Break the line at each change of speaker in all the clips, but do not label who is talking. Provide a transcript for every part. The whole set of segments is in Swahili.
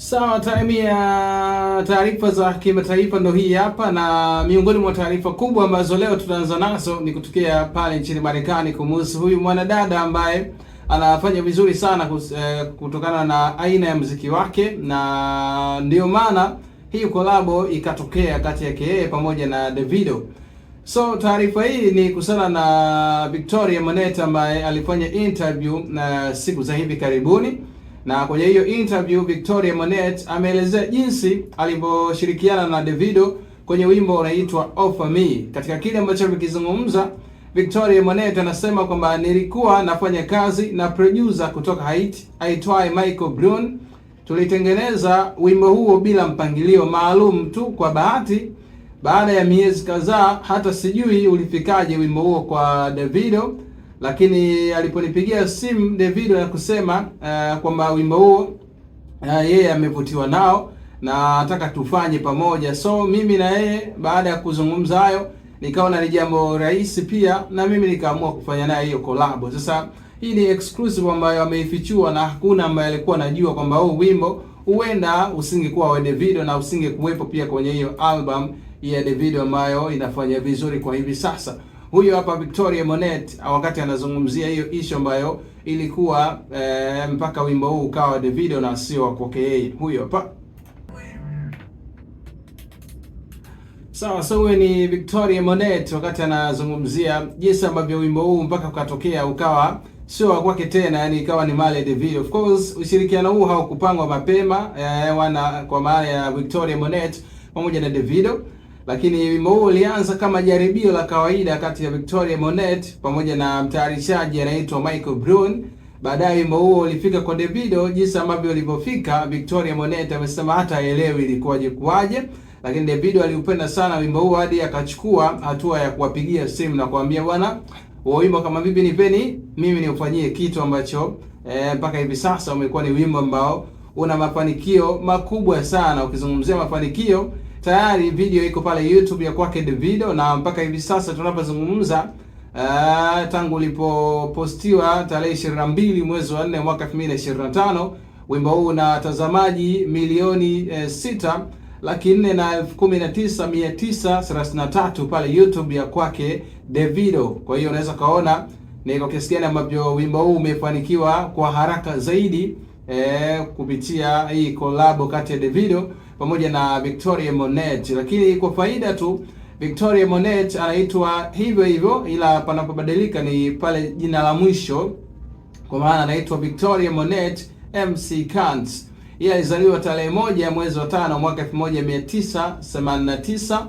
Sawa, time ya taarifa za kimataifa ndo hii hapa, na miongoni mwa taarifa kubwa ambazo leo tutaanza nazo ni kutokea pale nchini Marekani kumuhusu huyu mwanadada ambaye anafanya vizuri sana eh, kutokana na aina ya mziki wake, na ndio maana hii kolabo ikatokea kati yake yeye pamoja na Davido. So taarifa hii ni kuhusiana na Victoria Monet ambaye alifanya interview na eh, siku za hivi karibuni na kwenye hiyo interview Victoria Monet ameelezea jinsi alivyoshirikiana na Davido kwenye wimbo unaitwa Offer Me. Katika kile ambacho amekizungumza, Victoria Monet anasema kwamba nilikuwa nafanya kazi na producer kutoka Haiti aitwaye Michael Brun. Tulitengeneza wimbo huo bila mpangilio maalum tu kwa bahati. Baada ya miezi kadhaa, hata sijui ulifikaje wimbo huo kwa Davido lakini aliponipigia simu Davido na kusema uh, kwamba wimbo huo uh, yeye amevutiwa nao na nataka tufanye pamoja. So mimi na yeye baada ya kuzungumza hayo, nikaona ni jambo rahisi pia, na mimi nikaamua kufanya naye hiyo collab. Sasa hii ni exclusive ambayo ameifichua na hakuna ambaye alikuwa anajua kwamba huu wimbo huenda usingekuwa wa Davido na usingekuwepo pia kwenye hiyo album ya Davido ambayo inafanya vizuri kwa hivi sasa. Huyo hapa Victoria Monet wakati anazungumzia hiyo issue ambayo ilikuwa eh, mpaka wimbo huu ukawa Davido na sio wa kwake yeye. Huyo hapa sawa. So huyo ni Victoria Monet wakati anazungumzia jinsi ambavyo wimbo huu mpaka ukatokea ukawa sio wa kwake tena, yani ikawa ni mali ya Davido. Of course ushirikiano huu haukupangwa mapema eh, wana kwa maana ya Victoria Monet pamoja na Davido lakini wimbo huu ulianza kama jaribio la kawaida kati ya Victoria Monet pamoja na mtayarishaji anaitwa Michael Brun. Baadaye wimbo huo ulifika kwa Davido. Jinsi ambavyo ulivyofika, Victoria Monet amesema hata haelewi ilikuwaje kuwaje, lakini Davido aliupenda sana wimbo huo hadi akachukua hatua ya kuwapigia simu na kuambia, bwana, huo wimbo kama vipi, nipeni mimi niufanyie kitu ambacho eh, mpaka eh, hivi sasa umekuwa ni wimbo ambao una mafanikio makubwa sana. Ukizungumzia mafanikio tayari video iko pale YouTube ya kwake Davido, na mpaka hivi sasa tunapozungumza uh, tangu ulipopostiwa tarehe 22 mwezi wa 4 mwaka 2025 wimbo huu una watazamaji milioni eh, sita laki nne na elfu kumi na tisa mia tisa thelathini na tatu pale YouTube ya kwake Davido. Kwa hiyo unaweza ukaona ni kwa kiasi gani ambavyo wimbo huu umefanikiwa kwa haraka zaidi eh, kupitia hii kolabo kati ya Davido pamoja na Victoria Monet, lakini kwa faida tu Victoria Monet anaitwa hivyo hivyo, ila panapobadilika ni pale jina la mwisho, kwa maana anaitwa Victoria Monet MC Kant. Yeye alizaliwa tarehe moja ya mwezi wa tano mwaka 1989.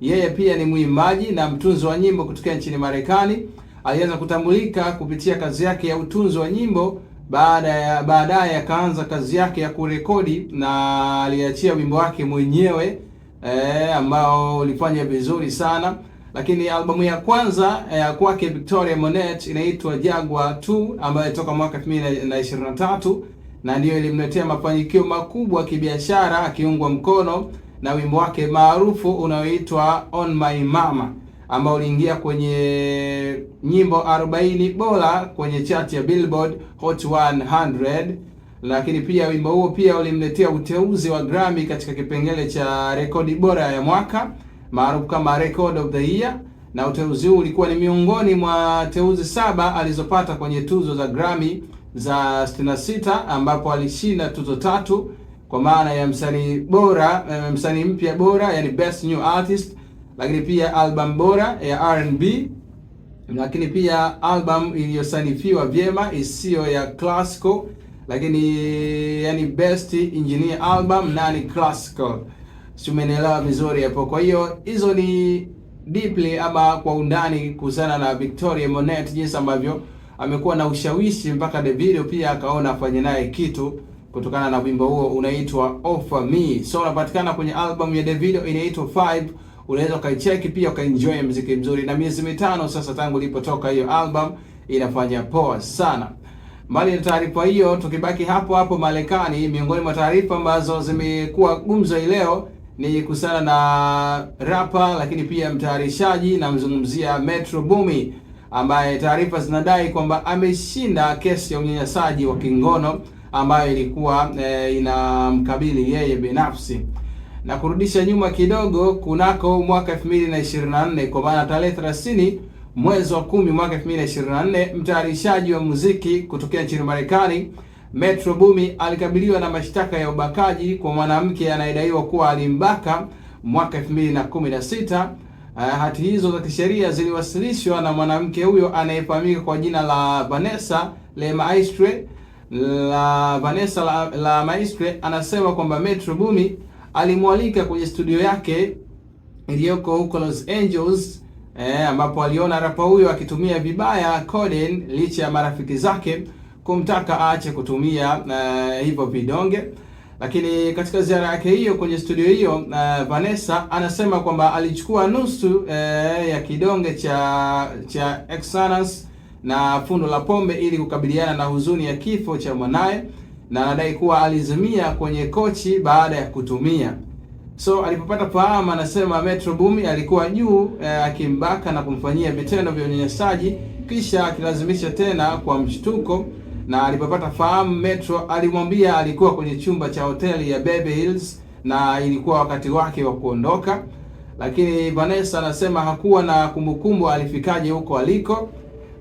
Yeye pia ni mwimbaji na mtunzi wa nyimbo kutokea nchini Marekani. Alianza kutambulika kupitia kazi yake ya utunzi wa nyimbo baada ya baadaye akaanza kazi yake ya kurekodi na aliachia wimbo wake mwenyewe e, ambao ulifanya vizuri sana, lakini albamu ya kwanza ya eh, e, kwake Victoria Monet inaitwa Jagwa 2 ambayo ilitoka mwaka 2023 na ndiyo ilimletea mafanikio makubwa kibiashara, akiungwa mkono na wimbo wake maarufu unaoitwa On My Mama ambao uliingia kwenye nyimbo 40 bora kwenye chart ya Billboard Hot 100, lakini pia wimbo huo pia ulimletea uteuzi wa Grammy katika kipengele cha rekodi bora ya mwaka maarufu kama Record of the Year, na uteuzi huu ulikuwa ni miongoni mwa teuzi saba alizopata kwenye tuzo za Grammy za 66 ambapo alishinda tuzo tatu kwa maana ya msanii bora, eh, msanii mpya bora, yani best new artist lakini pia album bora ya R&B, lakini pia album iliyosanifiwa vyema isiyo ya classical, lakini yani best engineer album ni classical, si umenielewa vizuri hapo. Kwa hiyo hizo ni deeply ama kwa undani kuhusiana na Victoria Monet, jinsi ambavyo amekuwa na ushawishi mpaka Davido pia akaona afanye naye kitu kutokana na wimbo huo unaitwa Offer Me. So unapatikana kwenye album ya Davido inaitwa unaweza ukaicheki pia ukaenjoy mziki mzuri. Na miezi mitano sasa tangu ilipotoka hiyo album, inafanya poa sana. Mbali na taarifa hiyo, tukibaki hapo hapo Marekani, miongoni mwa taarifa ambazo zimekuwa gumzo hii leo ni kuhusiana na rapa lakini pia mtayarishaji, namzungumzia Metro Boomin ambaye taarifa zinadai kwamba ameshinda kesi ya unyanyasaji wa kingono ambayo ilikuwa e, inamkabili yeye binafsi na kurudisha nyuma kidogo kunako mwaka 2024 kwa maana tarehe 30 mwezi wa 10 mwaka 2024, mtayarishaji wa muziki kutokea nchini Marekani Metro Boomin alikabiliwa na mashtaka ya ubakaji kwa mwanamke anayedaiwa kuwa alimbaka mwaka 2016. Uh, eh, hati hizo za kisheria ziliwasilishwa na mwanamke huyo anayefahamika kwa jina la Vanessa Le Maistre la Vanessa la, la Maistre anasema kwamba Metro Boomin alimwalika kwenye studio yake iliyoko huko Los Angeles eh, ambapo aliona rapa huyo akitumia vibaya Coden licha ya marafiki zake kumtaka aache kutumia eh, hivyo vidonge. Lakini katika ziara yake hiyo kwenye studio hiyo eh, Vanessa anasema kwamba alichukua nusu eh, ya kidonge cha cha Xanax na fundo la pombe ili kukabiliana na huzuni ya kifo cha mwanaye na anadai kuwa alizimia kwenye kochi baada ya kutumia. So alipopata fahamu, anasema Metro Bumi alikuwa juu eh, akimbaka na kumfanyia vitendo vya unyanyasaji, kisha akilazimisha tena kwa mshtuko. Na alipopata fahamu, Metro alimwambia alikuwa kwenye chumba cha hoteli ya Baby Hills na ilikuwa wakati wake wa kuondoka, lakini Vanessa anasema hakuwa na kumbukumbu alifikaje huko aliko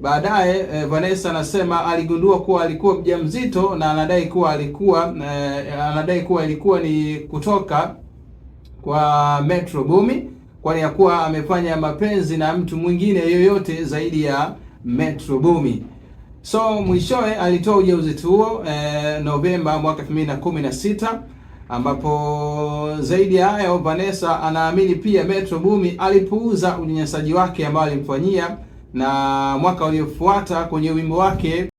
Baadaye e, Vanessa anasema aligundua kuwa alikuwa mjamzito na anadai kuwa alikuwa e, anadai kuwa ilikuwa ni kutoka kwa Metro Bumi, kwani ya kuwa amefanya mapenzi na mtu mwingine yoyote zaidi ya Metro Bumi. So mwishowe alitoa ujauzito huo e, Novemba mwaka 2016 ambapo zaidi ya hayo Vanessa anaamini pia Metro Bumi alipuuza unyanyasaji wake ambao alimfanyia na mwaka uliofuata kwenye wimbo wake